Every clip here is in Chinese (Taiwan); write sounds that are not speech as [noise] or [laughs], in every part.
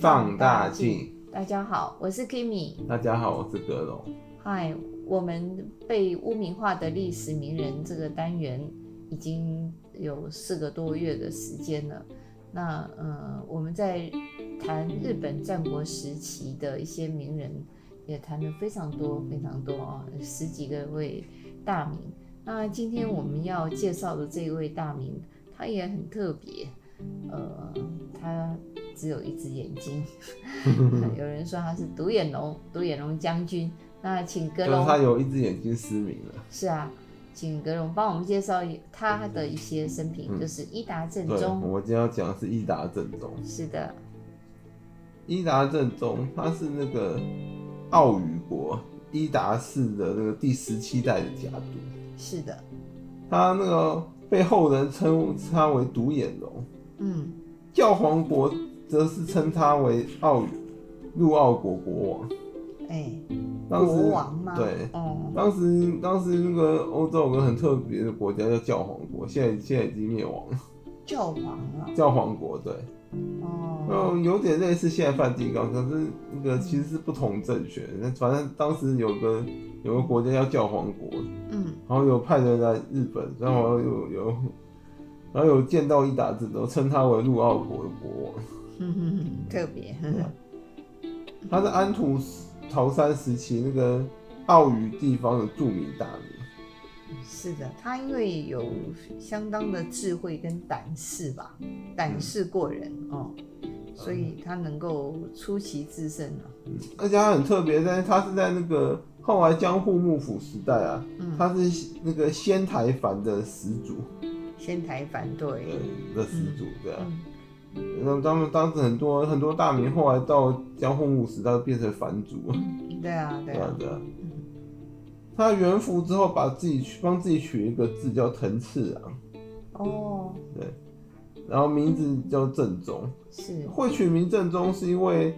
放大鏡。大家好，我是 Kimmy。大家好，我是格龍。嗨，我們被污名化的歷史名人這個單元已經有四個多月的時間了。那呃，我們在談日本戰國時期的一些名人，也談了非常多非常多啊、哦，十幾個位大名。那今天我們要介紹的這一位大名，他也很特別，呃，他。只有一隻眼睛， [laughs] [laughs] 有人說他是獨眼龍，獨眼龍將軍。那請格隆，就是他有一隻眼睛失明了。是啊，請格隆幫我們介紹他的一些生平，嗯、就是伊達政宗。我今天要講的是伊達政宗。是的，伊達政宗他是那個奧羽國伊達氏的那個第十七代的家督。是的，他那個被後人稱稱為獨眼龍。嗯，教皇國。則是稱他為奧語，陸奧國國王。哎、欸，當歐國王嗎？對，嗯、當時當時那個歐洲有個很特別的國家叫教皇國，現在現在已經滅亡了。教皇啊？教皇國，對，哦、嗯，有點類似現在梵蒂岡，可是那個其實是不同政權。那反正當時有個有個國家叫教皇國，嗯，然後有派人在日本，然後有有，然後有見到伊達氏都稱他為陸奧國的國王。嗯哼哼，特別，他是安土桃山時期那個奧羽地方的著名大名。是的，他因為有相當的智慧跟膽識吧，膽識過人哦，所以他能夠出奇制勝了。而且他很特別，在他是在那個後來江戶幕府時代啊，他是那個仙台藩的始祖。仙台藩對，的始祖對。啊。那他們當時很多很多大名，後來到江戶幕時，他就變成藩主、嗯。對啊，對啊，對啊。對啊嗯、他元服之後，把自己去幫自己取一個字叫藤次郎。哦。對。然後名字叫正宗。嗯、是。會取名正宗，是因為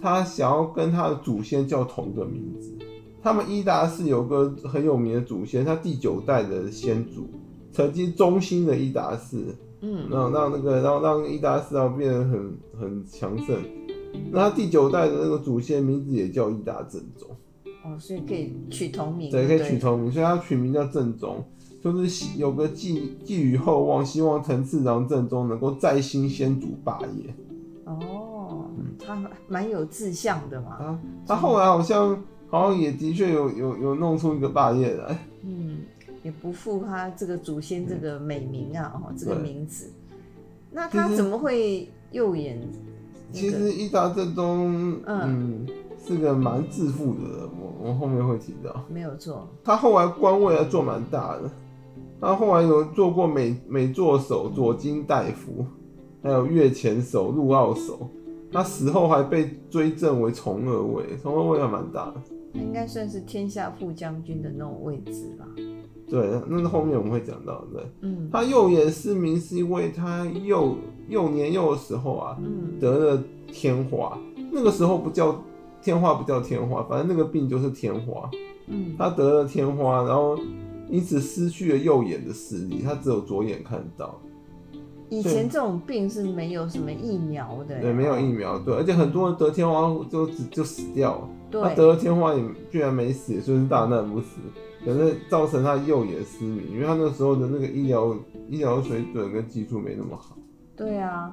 他想要跟他的祖先叫同一個名字。他們伊達氏有一個很有名的祖先，他第九代的先祖，曾經中興的伊達氏。嗯，讓讓那個，讓讓伊達四啊變得很很強盛。那他第九代的那個祖先名字也叫伊達政宗。哦，所以可以取同名。對、嗯，所以可以取同名，對所以他取名叫政宗，就是有個寄寄予厚望，希望藤次郎政宗能夠再興先祖霸業。哦，他蠻有志向的嘛。啊、嗯，他後來好像好像也的確有有有弄出一個霸業來。也不負他這個祖先這個美名啊！哦、嗯喔，這個名字，對那他怎麼會右眼、那個？其實伊達政宗，嗯，嗯是個蠻自負的人。我我後面會提到，沒有錯。他後來官位還做蠻大的，他後來有做過美美作守左京大夫，還有越前守陸奧守。他死後還被追贈為從二位，從二位還蠻大的。嗯、他應該算是天下副將軍的那種位置吧。對，那後面我們會講到，對，他右眼失明是因為他幼，幼年幼的時候啊，嗯，得了天花，那個時候不叫天花，不叫天花，反正那個病就是天花，嗯，他得了天花，然後因此失去了右眼的視力，他只有左眼看到。所以，以前這種病是沒有什麼疫苗的，對，沒有疫苗，對，而且很多人得天花就就死掉了。對，他、啊、得了天花也居然沒死，所以是大難不死。可是造成他右眼失明，因為他那時候的那個醫療醫療水準跟技術沒那麼好。對啊，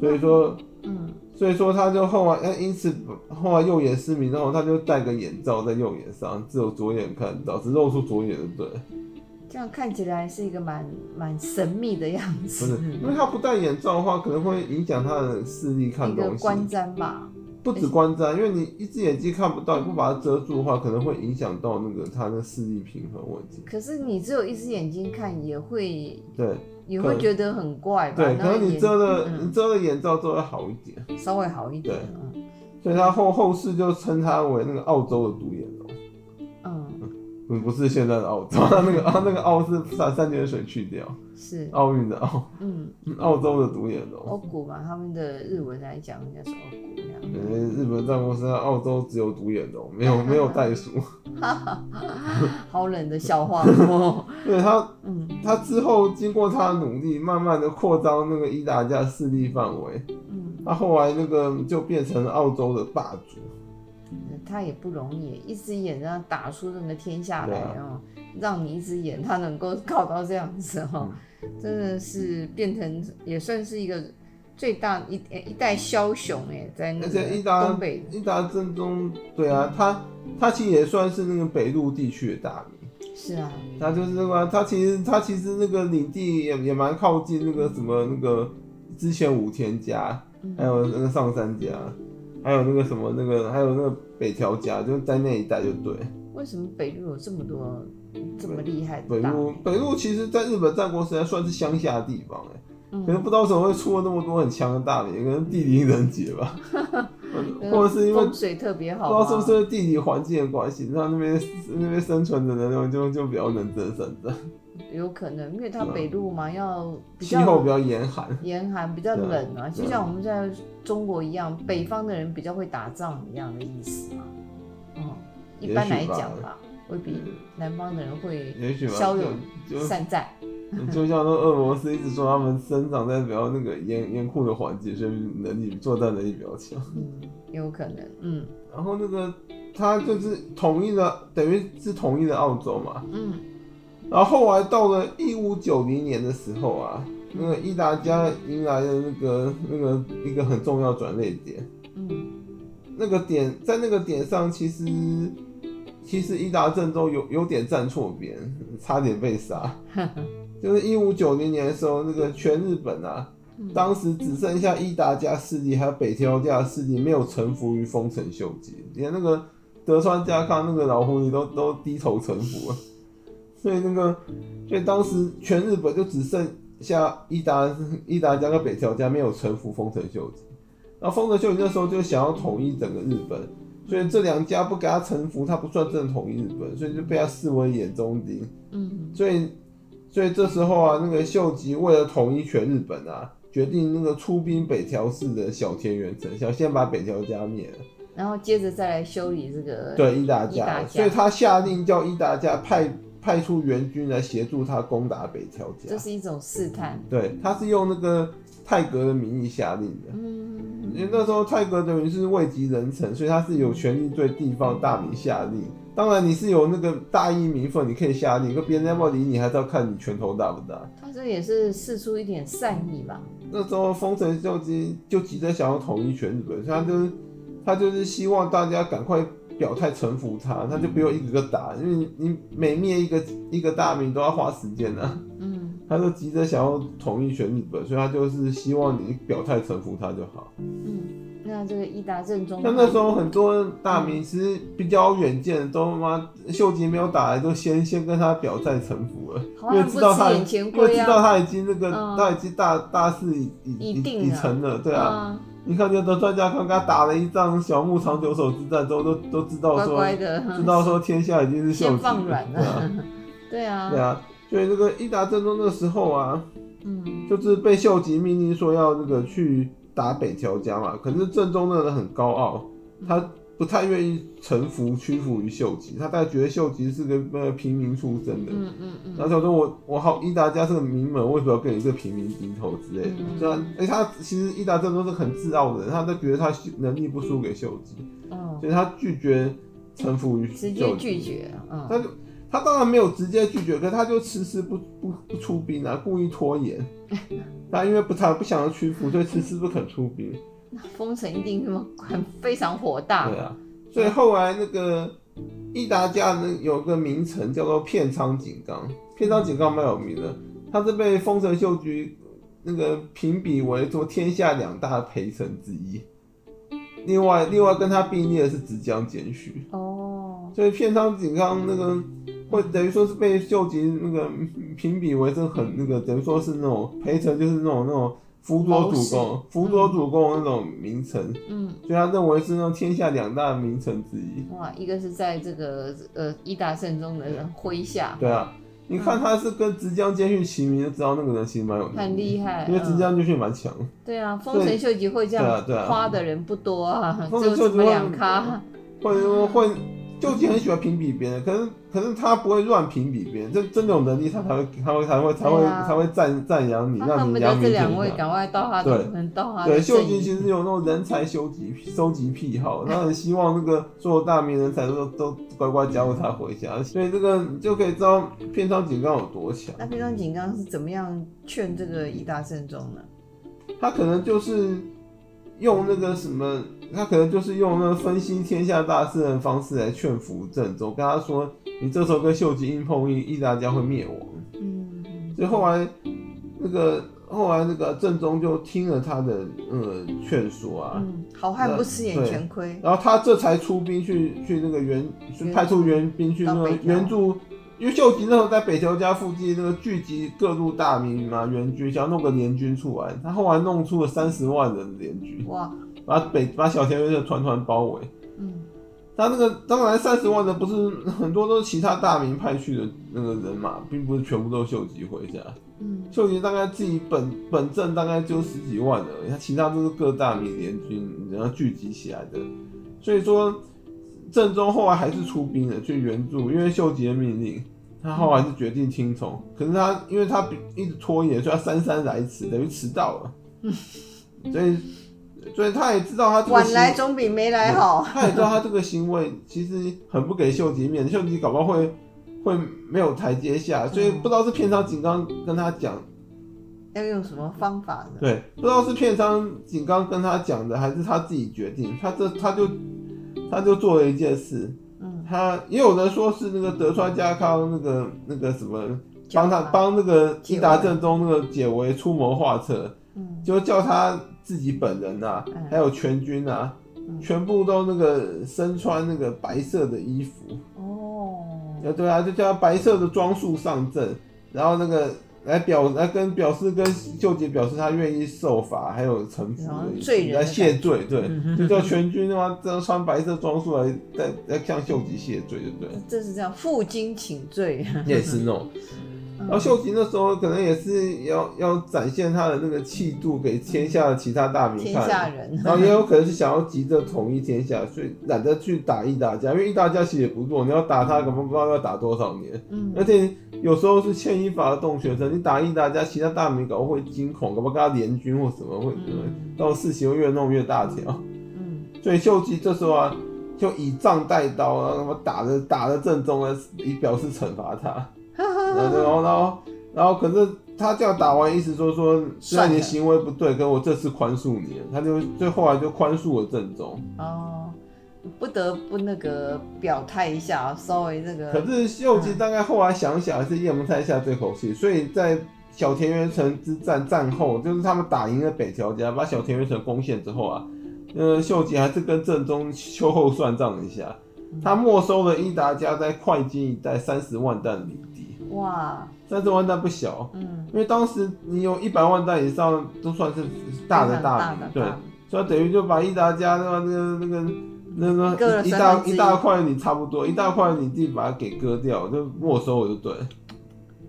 所以說，嗯，所以說他就後來，因此後來右眼失明之後，他就戴個眼罩在右眼上，只有左眼看到，只露出左眼，對，對。這樣看起來是一個蠻蠻神秘的樣子，不是，因為他不戴眼罩的話，可能會影響他的視力看東西。一個觀瞻吧，不止觀瞻，因為你一隻眼睛看不到，你不把它遮住的話，可能會影響到那個他的視力平衡問題。可是你只有一隻眼睛看也會對，也會覺得很怪吧？對，可能你遮的遮的眼罩遮的好一點，稍微好一點，嗯。所以他後後世就稱他為那個奧州的獨。嗯，不是現在的澳洲，他那個啊，那個澳是三 [laughs] 三點水去掉，是奧運的奧，嗯，奧州的獨眼龍，歐古嘛，他們的日文來講應該是歐古那樣的。嗯、欸，日本戰國時代，澳洲只有獨眼龍，沒有沒有袋鼠。 [laughs] [laughs] [laughs] 好冷的笑話。對 [laughs] [laughs] 他，嗯、他之後經過他的努力，慢慢的擴張那個伊達家勢力範圍，嗯，他後來那個就變成奧州的霸主。嗯、他也不容易，一隻眼這樣打出這個天下來哦。啊、讓你一隻眼，他能夠搞到這樣子哦，喔，真的是變成也算是一個最大一一代梟雄誒。在那個東北，伊達政宗。對啊，他他其實也算是那個北陸地區的大名，是啊，他就是，那個，他其實他其實那個領地也也蠻靠近那個什麼那個之前武田家，嗯、哼還有那個上杉家。還有那個什麼那個，還有那個北條家，就在那一帶，就對。為什麼北陸有這麼多、嗯、這麼厲害的北？北陸北陸其實在日本戰國時代算是鄉下地方哎、欸，嗯、可能不知道怎麼會出了那麼多很強的大名，可能地理人傑吧，嗯、 [laughs] 或者是因為風水特別好，不知道是不是因為地理環境的關係，那那邊那邊生存的人就就比較能生存的。有可能，因為它北陸嘛，啊、要氣比候比較嚴寒，嚴寒比較冷啊，就像我們在。中國一樣，北方的人比較會打仗，一樣的意思嘛。嗯，一般來講吧，會比南方的人會驍勇善戰。就像那俄羅斯一直說他們生長在比較那個嚴嚴酷的環境，所以能力作戰能力比較強。嗯，有可能，嗯。然後那個他就是統一的，等於是統一的奧州嘛。嗯。然後後來到了一五九零年的時候啊。那個伊達家迎來的那個那個一個很重要轉捩點，嗯，那個點在那個點上其，其實其實伊達政宗有有點站錯邊，差點被殺。 [laughs] 就是一五九零年的時候，那個全日本啊，當時只剩下伊達家勢力還有北條家勢力沒有臣服於豐臣秀吉，連那個德川家康那個老狐狸都都低頭臣服了，所以那個所以當時全日本就只剩。像伊達伊達家和北條家沒有臣服豐臣秀吉，然後豐臣秀吉那時候就想要統一整個日本，所以這兩家不給他臣服，他不算真的統一日本，所以就被他視為眼中釘。嗯，所以所以這時候啊，那個秀吉為了統一全日本啊，決定那個出兵北條氏的小田原城，想先把北條家滅了，然後接着再來修理這個對伊達家，家家所以他下令叫伊達家派。派出援軍來協助他攻打北條家，這是一種試探。對，他是用那個太閤的名義下令的。嗯，因為那時候太閤等於是位極人臣，所以他是有權力對地方大名下令。嗯、當然，你是有那個大義名分，你可以下令。可別人那麼理，你還是要看你拳頭大不大。他這也是釋出一點善意吧。那時候豐臣秀吉就急着想要統一全日本，他就是、嗯、他就是希望大家趕快。表態臣服他，他就不用一個個打，因為你你每滅一個一個大名都要花時間呢、啊。嗯，他都急着想要統一全日本，所以他就是希望你表態臣服他就好。嗯，那這個伊達政宗。像那時候很多大名其實比較遠見的都嘛秀吉沒有打來，都先先跟他表態臣服了，好啊，因為知道他已經，啊、因為知道他已經那個、嗯、他已經大大勢已已已成了。對啊。嗯啊你看，那等專家剛剛打了一仗小牧長久手之戰，都都都知道說，乖乖知道說天下已經是秀吉。放軟了，對啊，對啊，對啊，所以那個伊達政宗那時候啊，嗯，就是被秀吉命令說要那個去打北條家嘛。可是正宗那人很高傲，他。不太願意臣服屈服於秀吉，他大概覺得秀吉是個呃平民出身的，嗯嗯嗯，嗯嗯然後他說，我我好伊達家是個名門，為什麼要跟一個平民低頭之類的，對啊、嗯，哎、欸、他其實伊達政宗是很自傲的人，他都覺得他能力不輸給秀吉，嗯哦、所以他拒絕臣服於秀吉，嗯，他就他當然沒有直接拒絕，可是他就遲遲不不不出兵啊，故意拖延， [laughs] 他因為不太不想要屈服，所以遲遲不肯出兵。 [laughs] 豐臣一定是很，很非常火大，對啊，所以後來那個、嗯、伊達家那有個名臣叫做片倉景綱，片倉景綱蠻有名的，他是被豐臣秀吉那個評比為說天下兩大陪臣之一，另外另外跟他並列的是直江兼續。哦，所以片倉景綱那個會等於說是被秀吉那個評比為是很那個等於說是那種陪臣就是那種那種。輔佐主公，輔佐主公那種名臣，嗯，所以他認為是那種天下兩大名臣之一。哇，一個是在這個呃伊達政宗的人、嗯、麾下。對啊，你看他是跟直江兼續齊名，就知道那個人其實蠻有。很厲害。因為直江兼續蠻強。嗯、以對啊，豐臣秀吉會這樣誇的人不多啊，啊啊啊只有什麼兩咖。或者說，或、嗯。秀吉很喜歡評比別人，可是可是他不會亂評比別人，就真的有能力他才會，他會才會才會才會讚讚揚你，啊、讓你揚名天下、啊、這兩位趕快到他，能對到對秀吉其實有那種人才收集收集癖好，他很希望那個所有大名人才都都乖乖加入他麾下，所以這個你就可以知道片倉景綱有多強。那片倉景綱是怎麼樣勸這個伊達政宗呢？他可能就是。用那個什麼，他可能就是用那個分析天下大事的方式來勸服政宗，跟他說：“你這時候跟秀吉硬碰硬，伊達家會滅亡。”嗯，所以後來那個後來那個政宗就聽了他的呃勸、嗯、說啊，嗯、好漢不吃眼前虧，然後他這才出兵去去那個援，派出援兵去那個援助。因為秀吉那時候在北條家附近那個聚集，各路大名嘛，援軍想要弄個聯軍出來，他後來弄出了三十萬人聯軍，哇，把北把小田原團團包圍。嗯，他那個當然三十萬人不是很多，都是其他大名派去的那個人馬，並不是全部都秀吉麾下。嗯，秀吉大概自己本本陣大概就十幾萬人，他其他都是各大名聯軍然後聚集起來的，所以說。正宗後來還是出兵了去援助，因為秀吉的命令，他後來是決定聽從。嗯、可是他因為他一直拖延，所以他姍姍來遲，等於遲到了。嗯、所以所以他也知道他晚來總比沒來好。他也知道他這個行為其實很不給秀吉面子， [laughs] 秀吉搞不好會會沒有台階下。所以不知道是片倉景綱跟他講要用什麼方法呢？對，不知道是片倉景綱跟他講的，還是他自己決定。他這他就。他就做了一件事，嗯、他也有人說是那個德川家康那個、嗯、那個什麼，幫他幫他那個伊達政宗那個解圍出謀劃策，嗯、就叫他自己本人吶、啊，嗯、還有全軍吶、啊，嗯、全部都那個身穿那個白色的衣服，哦，對啊，就叫他白色的裝束上陣，然後那個。來表來跟表示跟秀吉表示他願意受罰，還有臣服然後罪人來謝罪，對，嗯、哼哼哼就叫全軍嘛，這穿白色裝束來在在向秀吉謝罪，對不對？這是這樣負荊請罪，也是那種。然後秀吉那時候可能也是要要展現他的那個氣度給天下的其他大名看，嗯，天下人然後也有可能是想要急着統一天下，所以懶得去打伊達家，因為伊達家其實也不弱，你要打他，根本，哦，不知道要打多少年。嗯，而且有時候是牽一髮而動全身，你打伊達家，其他大名搞不好會驚恐，搞不好跟他聯軍或什麼會，嗯，到事情會越弄越大條。嗯，所以秀吉這時候啊，就以杖代刀啊，什麼打，打的打的政宗啊，以表示懲罰他。然後、嗯哦，然後，然後，可是他這樣打完，意思是說說善、嗯、了你行為不對，可我這次寬恕你。他就最後來就寬恕了正宗。哦，不得不那個表態一下，稍微那個。可是秀吉大概後來想想，還是嚥不太下這口氣，嗯、所以在小田原城之戰戰後，就是他們打贏了北條家，把小田原城攻陷之後啊，秀吉還是跟正宗秋後算賬一下，他沒收了伊達家在會津一帶三十萬擔米。哇，三十萬石不小，嗯，因為當時你有一百萬石以上都算是大的大名，對，所以等於就把伊達家的個那個那個那個，那個、嗯、一,一大一大塊，你差不多、嗯、一大塊，你自己把它給割掉，就沒收我就對了。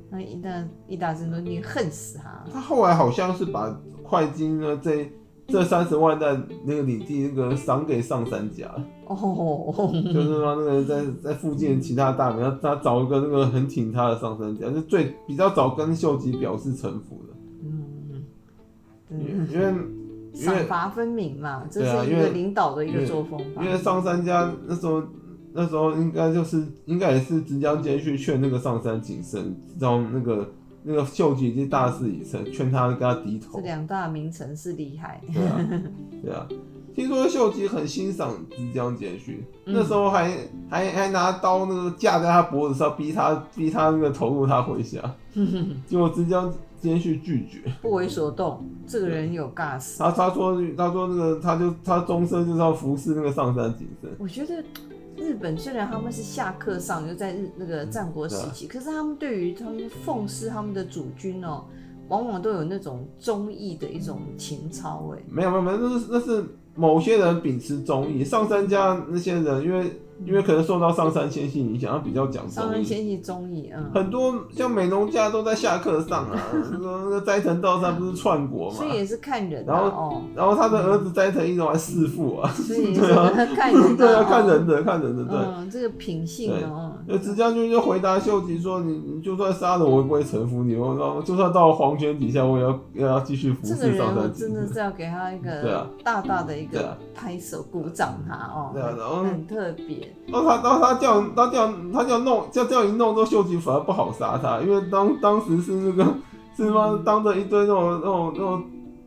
那伊達伊達政宗，你恨死他。他後來好像是把快金呢這一。這三十萬在那個領地，那個賞給上杉家。哦，oh. 就是說那個在在附近其他大名，他找一個那個很挺他的上杉家，就最比較早跟秀吉表示臣服的。嗯，對，因，因為賞罰分明嘛，這是一個領導的一個作風吧、啊，因因。因為上杉家那時候那時候應該就是應該也是直江兼續勸那個上杉景勝，讓那個。那個秀吉已經大勢已成，勸他跟他低頭。這兩大名臣是厲害。對啊，對啊，聽說秀吉很欣賞直江兼續，嗯、那時候還還還拿刀那個架在他脖子上，逼他逼他那個投入他麾下，嗯、結果直江兼續拒絕，不為所動，這個人有尬死。 [laughs] 他他說他說那個他就他終身就是要服侍那個上杉景勝。我覺得。日本雖然他們是下剋上，又在日那個戰國時期，對可是他們對於他們奉侍他們的主君哦，往往都有那種忠義的一種情操。哎，沒有沒有沒有，那是那是某些人秉持忠義，上杉家那些人因為。因為可能受到上杉謙信影響，他比較講忠義，上杉謙信忠義啊，很多像美濃家都在下課上啊。那個齋藤道三不是篡國嘛？所以也是看人的。然後哦，然後他的兒子齋藤義龍還弑父啊，是對啊，看人的，看人的，對。嗯，這個品性哦。那直江軍就回答秀吉說：“你你就算殺了我，也不會臣服你。我，就算到黃泉底下，我也要要繼續服侍上杉謙信。”這個人我真的是要給他一個大大的一個拍手鼓掌，他哦，很特別。他後他，他這樣，他這樣，他這樣，他這樣弄，這樣一弄，這秀吉反而不好殺他，因為當當時是那個，是方當着一堆那種那種那種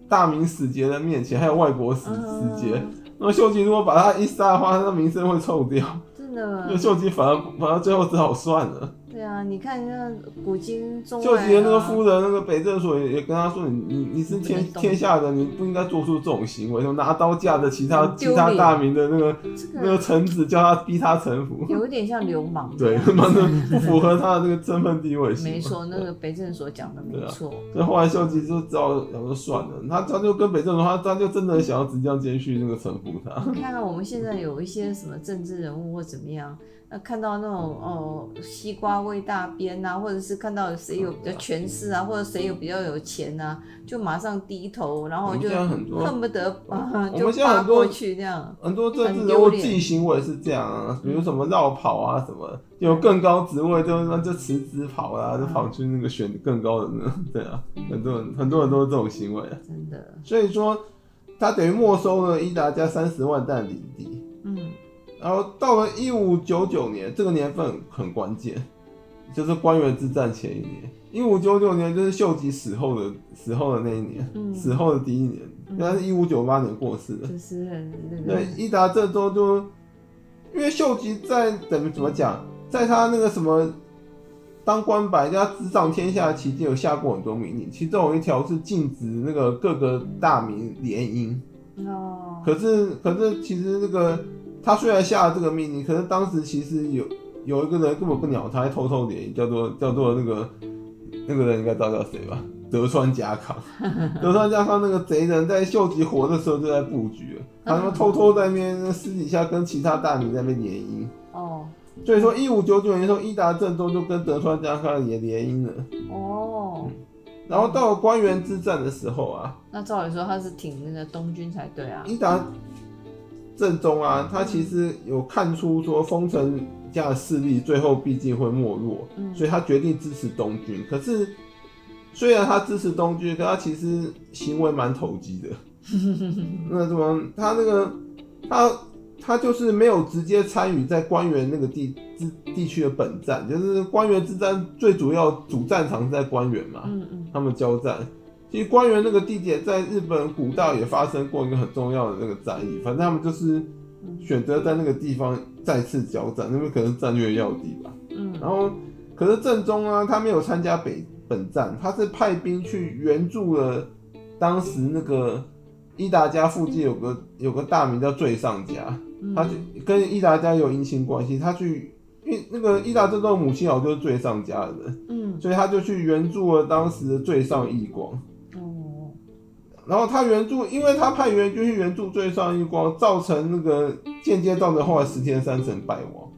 大名使節的面前，還有外國使使節，嗯、那麼秀吉如果把他一殺的話，他的名聲會臭掉，真的。那秀吉反而反而最後只好算了。對啊，你看，你看，古今中外秀吉那個夫人，那個北政所也跟他說，你你你是天天下人，你不應該做出這種行為，什麼拿刀架着其他其他大名的那個那個臣子，叫他逼他臣服，有一點像流氓，對，他媽的不符合他的那個身份地位。沒錯，那個北政所講的沒錯。那後來秀吉就知道，然後算了，他他就跟北政所，他他就真的想要直將謙旭那個臣服。他。你看看我們現在有一些什麼政治人物或怎麼樣。那看到那種哦，西瓜偎大邊吶、啊，或者是看到誰有比較權勢啊，嗯、或者誰有比較有錢吶、啊，嗯、就馬上低頭，然後就恨不得。啊們我們現在很多。過去這樣。很多政治人物自己行為是這樣、啊，比如什麼繞跑，啊、跑啊，什麼有更高職位就就辭職跑啊，就跑去那個選更高的人，對啊，很多人很多人都是這種行為啊。真的。所以說，他等於沒收了伊達家三十萬石領地。然後到了一五九九年，這個年份很，很關鍵，就是關原之戰前一年。一五九九年就是秀吉死後的死後的那一年，嗯、死後的第一年。應該、嗯、是一五九八年過世的。就是很那對，對，伊達政宗就，因為秀吉在怎麼怎麼講，在他那個什麼當關白執掌天下期間，其實有下過很多命令。其中有一條是禁止那個各個大名聯姻。可是、哦、可是，可是其實那個。他雖然下了這個命令，可是當時其實有有一個人根本不鳥他，還偷偷聯姻，叫做叫做那個那個人應該知道叫誰吧？德川家康。 [laughs] 德川家康那個賊人在秀吉活的時候就在布局了，他們偷偷在那邊私底下跟其他大名在那邊聯姻。哦。所以說，一五九九年的時候，伊達政宗就跟德川家康也聯姻了。哦、嗯。然後到了關原之戰的時候啊，那照理說他是挺那個東軍才對啊。伊達達。嗯政宗啊，他其實有看出說豐臣家的勢力最後畢竟會沒落，所以他決定支持東軍。可是雖然他支持東軍，可他其實行為蠻投機的。 [laughs] 那怎麼，他那個他他就是沒有直接參與在關原那個地之地區的本戰，就是關原之戰最主要主戰場是在關原嘛， [laughs] 他們交戰。其實關原那個地點在日本古道也發生過一個很重要的那個戰役，反正他們就是選擇在那個地方再次交戰，因為可能戰略要地吧。嗯，然後可是政宗啊，他沒有參加北本戰，他是派兵去援助了當時那個伊達家附近有個、嗯、有個大名叫最上家，他去跟伊達家有姻親關係，他去因為那個伊達政宗母親好像就是最上家的人，嗯，所以他就去援助了當時的最上義光。嗯嗯然後他援助，因為他派援軍去援助最上一光，造成那個間接造成後來石田三成敗亡。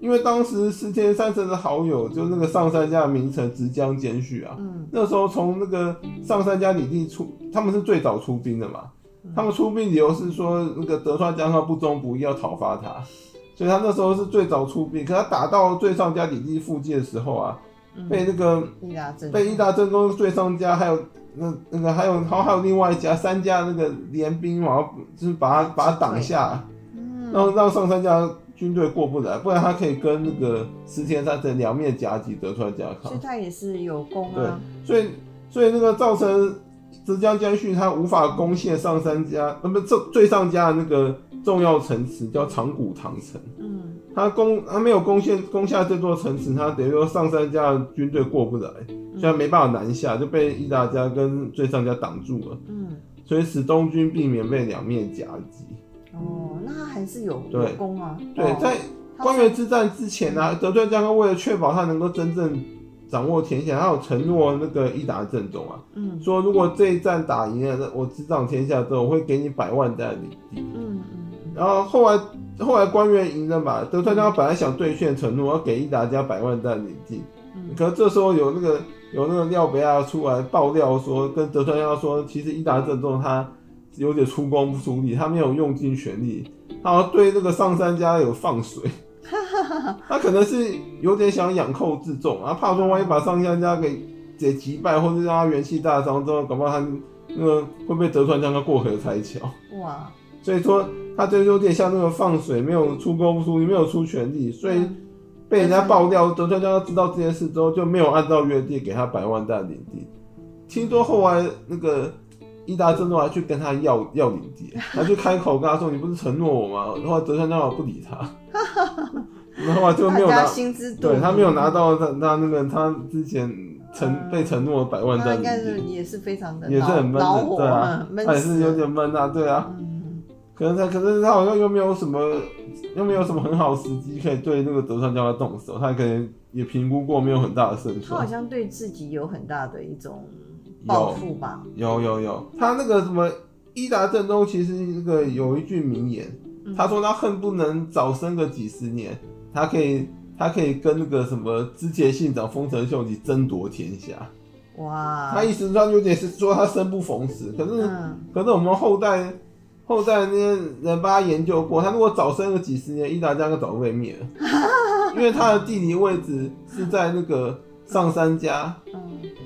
因為當時石田三成的好友，就那個上杉家的名臣直江兼續啊，嗯、那時候從那個上杉家領地出，他們是最早出兵的嘛。嗯、他們出兵理由是說那個德川家康不忠不義，要討伐他，所以他那時候是最早出兵。可他打到最上家領地附近的時候啊，嗯、被那個被伊達政宗、最上家還有。那那個還有，還還有另外一家三家那個聯兵嘛，就是把他把他擋下，然後讓上三家軍隊過不來，不然他可以跟那個石田三成兩面夾擊，得出來家康。所以他也是有功啊。對，所以所以那個造成直江兼續他無法攻陷上三家，那麼這最上家的那個。重要城池叫長谷堂城，嗯，他攻他沒有攻陷攻下這座城池，他等於說上三家的軍隊過不來，所以他沒辦法南下，就被伊達家跟最上家擋住了，嗯，所以使東軍避免被兩面夾擊。哦，那還是有對攻啊，對，在關原之戰之前呢，德川家康為了確保他能夠真正掌握天下，他有承諾那個伊達政宗啊，嗯，說如果這一戰打贏了，我執掌天下之後，我會給你百萬石領地，嗯。然後後來後來官員贏了嘛，德川家本來想兌現承諾，要給伊達家百萬石領地，嗯、可是這時候有那個有那個廖北亞出來爆料說，跟德川家說，其實伊達政宗他有點出工不出力，他沒有用盡全力，他後對那個上杉家有放水，他可能是有點想養寇自重啊，他怕說萬一把上杉家給給擊敗，或者讓他元氣大傷之後，搞不好他那個會被德川家跟過河拆橋哇。所以說，他就有點像那個放水，沒有出夠出力，沒有出全力，所以被人家爆料是德川家知道這件事之後，就沒有按照約定給他百萬大領地。聽說後來那個伊達政宗還去跟他要要領地，還去開口跟他說：“ [laughs] 你不是承諾我嗎？”然後德川家康不理他， [laughs] 然後就沒有拿。對，他沒有拿到他他那個他之前承被承諾的百萬大領地，嗯、應該是也是非常的也是很悶的，對啊，嘛，他也是有點悶啊，對啊。嗯可能他，可是他好像又沒有什麼，又沒有什麼很好時機可以對那個德川家他動手，他可能也評估過沒有很大的勝算。他好像對自己有很大的一種抱負吧？有？有有有，他那個什麼伊達政宗，其實那個有一句名言，他說他恨不能早生個幾十年，他可以他可以跟那個什麼織田信長、豐臣秀吉爭奪天下。哇！他意思上有點是說他生不逢時，可是、嗯、可是我們後代。後代那些人幫他研究過，他如果早生了幾十年，伊達家就早被滅了，因為他的地理位置是在那個上杉家、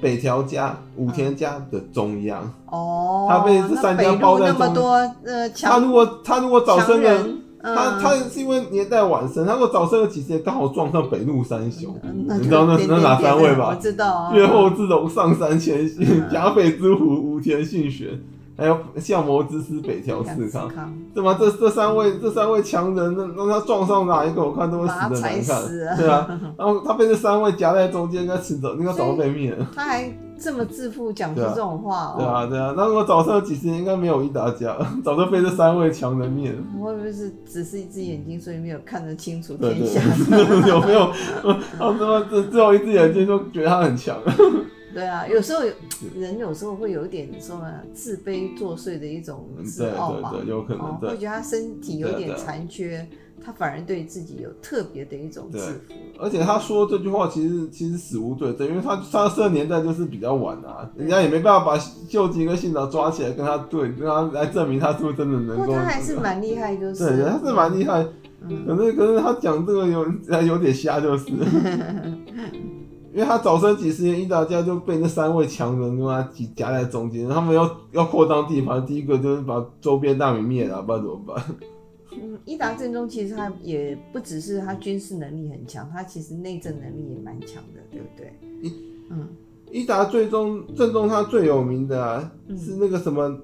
北條家、武田家的中央。哦，他被三家包在中央。那北路那麼多，他如果他如果早生的，他他是因為年代晚生，他如果早生了幾十年，剛好撞上北路三雄，你知道那那哪三位吧？知道。越後之龍上杉謙信、甲斐之虎武田信玄。還有相模之獅北條氏康，康對嗎？這這三位，這三位強人，讓那他撞上哪一個，我看都會死的難看。對啊，然後他被這三位夾在中間，那以應該早應該早就被滅了。他還這麼自負，講出這種話。喔對啊。對啊，對啊，那如果早生幾十年，應該沒有伊達家，早就被這三位強人滅了、嗯。會不會是只是一只眼睛，所以沒有看得清楚天下？有沒有？他他媽這最後一只眼睛，就覺得他很強。對啊，有時候有是人有時候會有一點什麼自卑作祟的一種自傲吧，對對對，有可能我、哦、覺得他身體有點殘缺，對對對，他反而對自己有特別的一種自負。而且他說這句話其實其實死無對證，因為他他人年代就是比較晚啊，對人家也沒辦法把秀吉跟信長抓起來跟他對，跟他來證明他是不是真的能夠。不過他還是蠻厲害，就是對，他是蠻厲害，嗯、可是可是他講這個有有點瞎，就是。 [laughs] [laughs] 因為他早生幾十年，伊達家就被那三位強人跟他媽夾在中間。他們要要擴張地盤，第一個就是把周邊大名滅了，不知道怎麼辦。嗯，伊達政宗其實他也不只是他軍事能力很強，他其實內政能力也蠻強的，對不對？嗯，伊達最終政宗他最有名的啊、嗯、是那個什麼。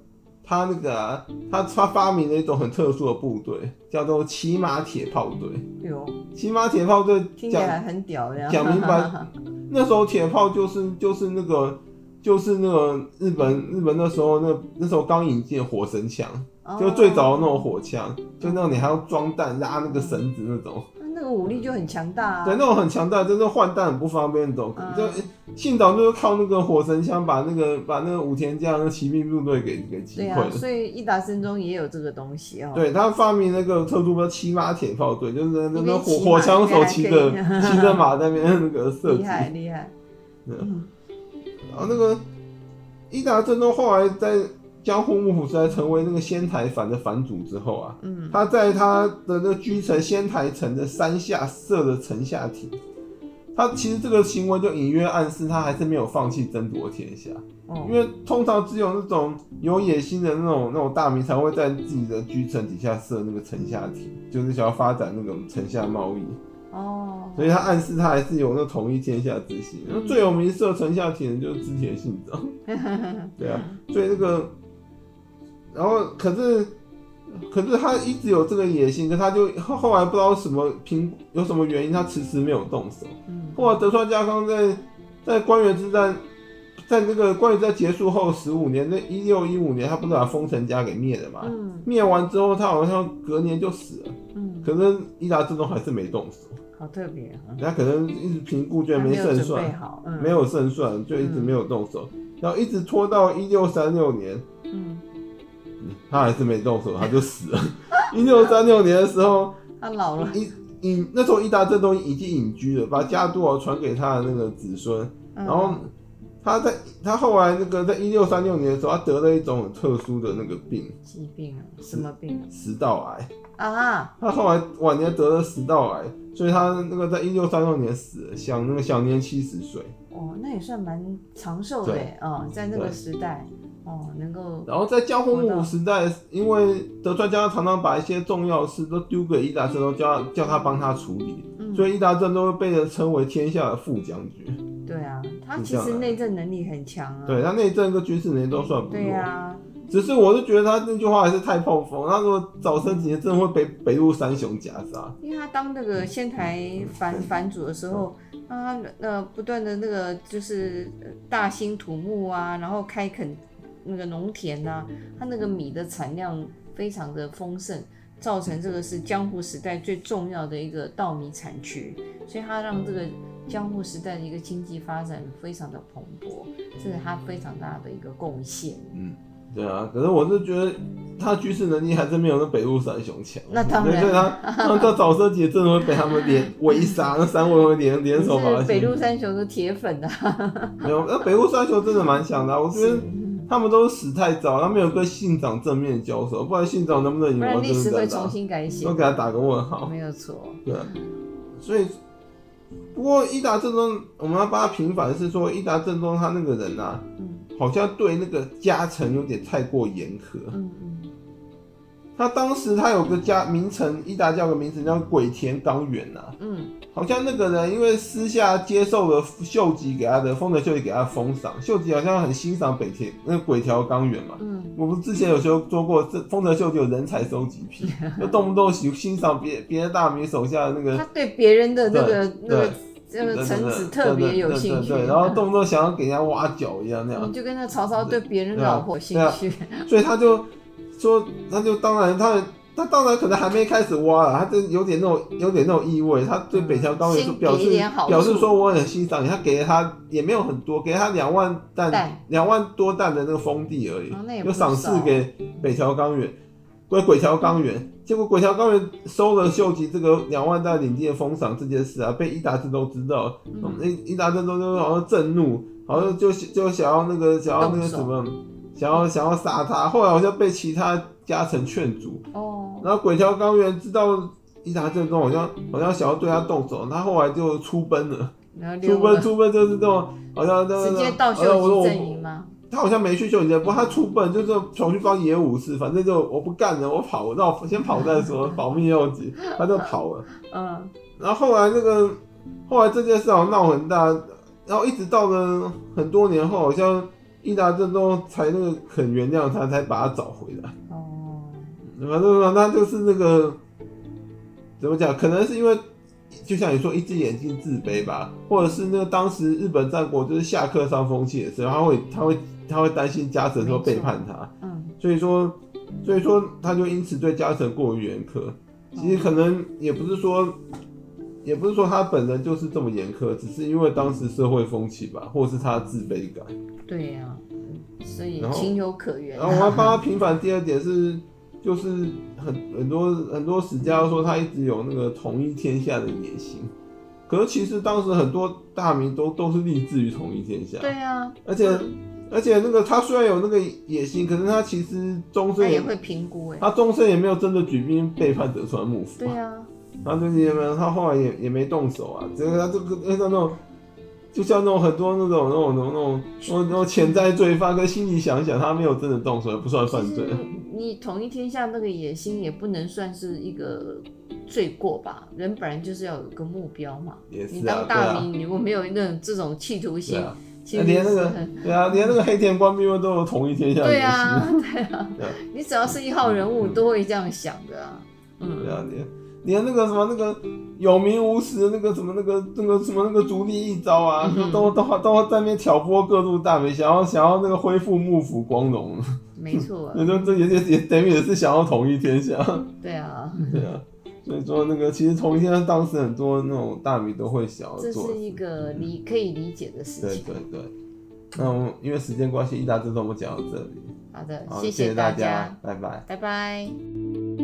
他那個、啊，他他發明了一種很特殊的部隊，叫做騎馬鐵炮隊。呦，騎馬鐵炮隊聽起來很屌的，的樣講明白。哈哈哈哈，那時候鐵炮就是就是那個就是那個日本日本那時候那那時候剛引進火繩槍，哦、就最早的那種火槍，就那種你還要裝彈拉那個繩子那種、啊，那個武力就很強大、啊。對，那種很強大，就是換彈很不方便那種。嗯就信長就是靠那個火神槍把那個把那個武田家那騎兵部隊給給擊潰了。對啊，所以伊達政宗也有這個東西哦。對他發明那個特殊的騎馬鐵炮隊，就是那個火火槍手騎着騎着馬在那邊那個射擊，厲害厲害。害對嗯。然後那個伊達政宗後來在江戶幕府時代成為那個仙台藩的藩主之後啊，嗯，他在他的那個居城仙台城的山下設的城下町。他其實這個行為就隱約暗示他還是沒有放棄爭奪天下，哦、因為通常只有那種有野心的那種那種大名才會在自己的居城底下設那個城下町，就是想要發展那種城下貿易。哦，所以他暗示他還是有那統一天下之心。嗯、最有名設城下町的就是織田信長， [laughs] 對啊，所以那個，然後可是。可是他一直有這個野心，可他就後來不知道什麼憑有什麼原因，他遲遲沒有動手。嗯，後來德川家康在在關原之戰，在那個關原之戰結束後十五年，那一六一五年，他不是把豐臣家給滅了嘛？滅、嗯、完之後，他好像隔年就死了。嗯，可是伊達政宗還是沒動手，好特別啊！人家可能一直評估，居然沒勝算，沒有，嗯、沒有勝算，就一直沒有動手，嗯、然後一直拖到一六三六年。嗯。嗯、他還是沒動手，他就死了。一六三六年的時候，他老了，隱隱那時候伊達政宗都已經隱居了，把家督傳給他的那個子孫。嗯啊、然後他在他後來那個在一六三六年的時候，他得了一種很特殊的那個病，疾病啊，十什麼病？食道癌啊。他後來晚年得了食道癌，所以他那個在一六三六年死了，享那個享年七十歲。哦，那也算蠻長壽的，嗯對、哦，在那個時代，對哦，能夠。然後在江戶幕府時代，嗯、因為德川家常常把一些重要的事都丟給伊達政，都叫他叫他幫他處理，嗯、所以伊達政都會被人稱為天下的副將軍。對啊，他其實內政能力很強啊。對，他內政跟軍事能力都算不錯。對啊。只是，我就覺得他那句話還是太膨風。他說：“早生幾年，真的會被北陸三雄夾殺。”因為他當那個仙台藩藩主的時候、嗯嗯、他那、呃、不斷的那個就是大興土木啊，然後開墾那個農田啊，他那個米的產量非常的豐盛，造成這個是江戶時代最重要的一個稻米產區，所以他讓這個江戶時代的一個經濟發展非常的蓬勃，這是他非常大的一個貢獻。嗯。對啊，可是我是覺得他軍事能力還真沒有那北陸三雄強。那當然。所以他他早死也真的會被他們連圍殺。那三位會聯聯手把。北陸三雄的鐵粉啊。沒有，那北陸三雄真的蠻強的。我覺得他們都死太早，他沒有跟信長正面交手，不然信長能不能贏？不然歷史會重新改寫。我給他打個問號。沒有錯。對。所以，不過伊達政宗，我們要幫他平反的是說，伊達政宗他那個人吶。好像對那個家臣有點太過嚴苛。嗯嗯、他當時他有個家名臣，伊達、嗯、叫個名臣叫鬼庭綱元啊。嗯，好像那個人因為私下接受了秀吉給他的豐臣秀吉給他封賞，秀吉好像很欣賞北田那鬼庭綱元嘛。嗯，我們之前有時候做過這，這豐臣秀吉有人才收集癖，就、嗯、動不動喜欣賞別別的大名手下的那個。他對別人的那個那個。就是臣子特別有興趣，然後動不動想給人家挖角一樣那樣，就跟那曹操對別人老婆興趣，所以他就說，他就當然他他當然可能還沒開始挖了，他就有點那種有點那種意味，他對北條綱元，表示表示說我很欣賞你，他給了他也沒有很多，給了他兩萬擔兩但萬多擔的那個封地而已，啊、就賞賜給北條綱元。因為鬼庭綱元。結果鬼庭綱元收了秀吉這個兩萬石領地的封賞這件事啊，被伊達政宗知道，嗯，嗯，伊達政宗就好像震怒，嗯、好像就就想要那個想要那個什麼，手想要、嗯、想要殺他。後來好像被其他家臣勸阻，哦、然後鬼庭綱元知道伊達政宗好像、嗯、好像想要對他動手，他後來就出奔了，了出奔出奔就是這種了好像那個，直接到秀吉陣營嗎？他好像沒去秀人家，不過他出奔，就是跑去幫野武士，反正就我不幹了，我跑了，我到先跑再說，保命要緊，他就跑了。嗯，然後後來那個後來這件事好像鬧很大，然後一直到了很多年後，好像伊達政宗才那個肯原諒他，才把他找回來。哦、嗯，反正反正就是那個怎麼講，可能是因為就像你說，一只眼睛自卑吧，或者是那個當時日本戰國就是下克上風氣的時候，他會他會。他會擔心家臣會背叛他，嗯，所以說，所以說他就因此對家臣過於嚴苛。嗯、其實可能也不是說，嗯、也不是說他本人就是這麼嚴苛，只是因為當時社會風氣吧，或是他的自卑感。對呀、啊，所以情有可原。啊，然後我要幫他平反。第二點是，就是很很多很多史家都說他一直有那個統一天下的野心，可是其實當時很多大名都都是立志於統一天下。對呀、啊，而且。嗯而且那個他雖然有那個野心，可是他其實終身他也會評估哎、欸，他終身也沒有真的舉兵背叛德川幕府。對啊，他也沒有，他後來也也沒動手啊，這個他這個他就那種像那種，就像那種很多那種那種那種那種潛在罪犯，跟心裡想想，他沒有真的動手，也不算犯罪。你統一天下那個野心也不能算是一個罪過吧？人本來就是要有個目標嘛。啊、你當大名如果、啊、沒有那種這種企圖心。其實，欸、連那個，對啊，連那個黑田官兵衛都有統一天下的意思。對啊，對啊，對啊，你只要是一號人物，嗯、都會這樣想的啊。嗯，對啊，連連那個什麼那個有名無實那個什麼那個那個什麼那個足利義昭啊，嗯、都都都都在那邊挑撥各路大名，想要想要那個恢復幕府光榮。沒錯。啊，也 [laughs] 就這也也也等於也是想要統一天下。對啊，對啊。所以說，那個其實從現在到時很多那種大名都會想要做，這是一個理可以理解的事情。對對對，那我們因為時間關係，一大子都我們講到這裡。好的，謝謝大家，拜拜，拜拜。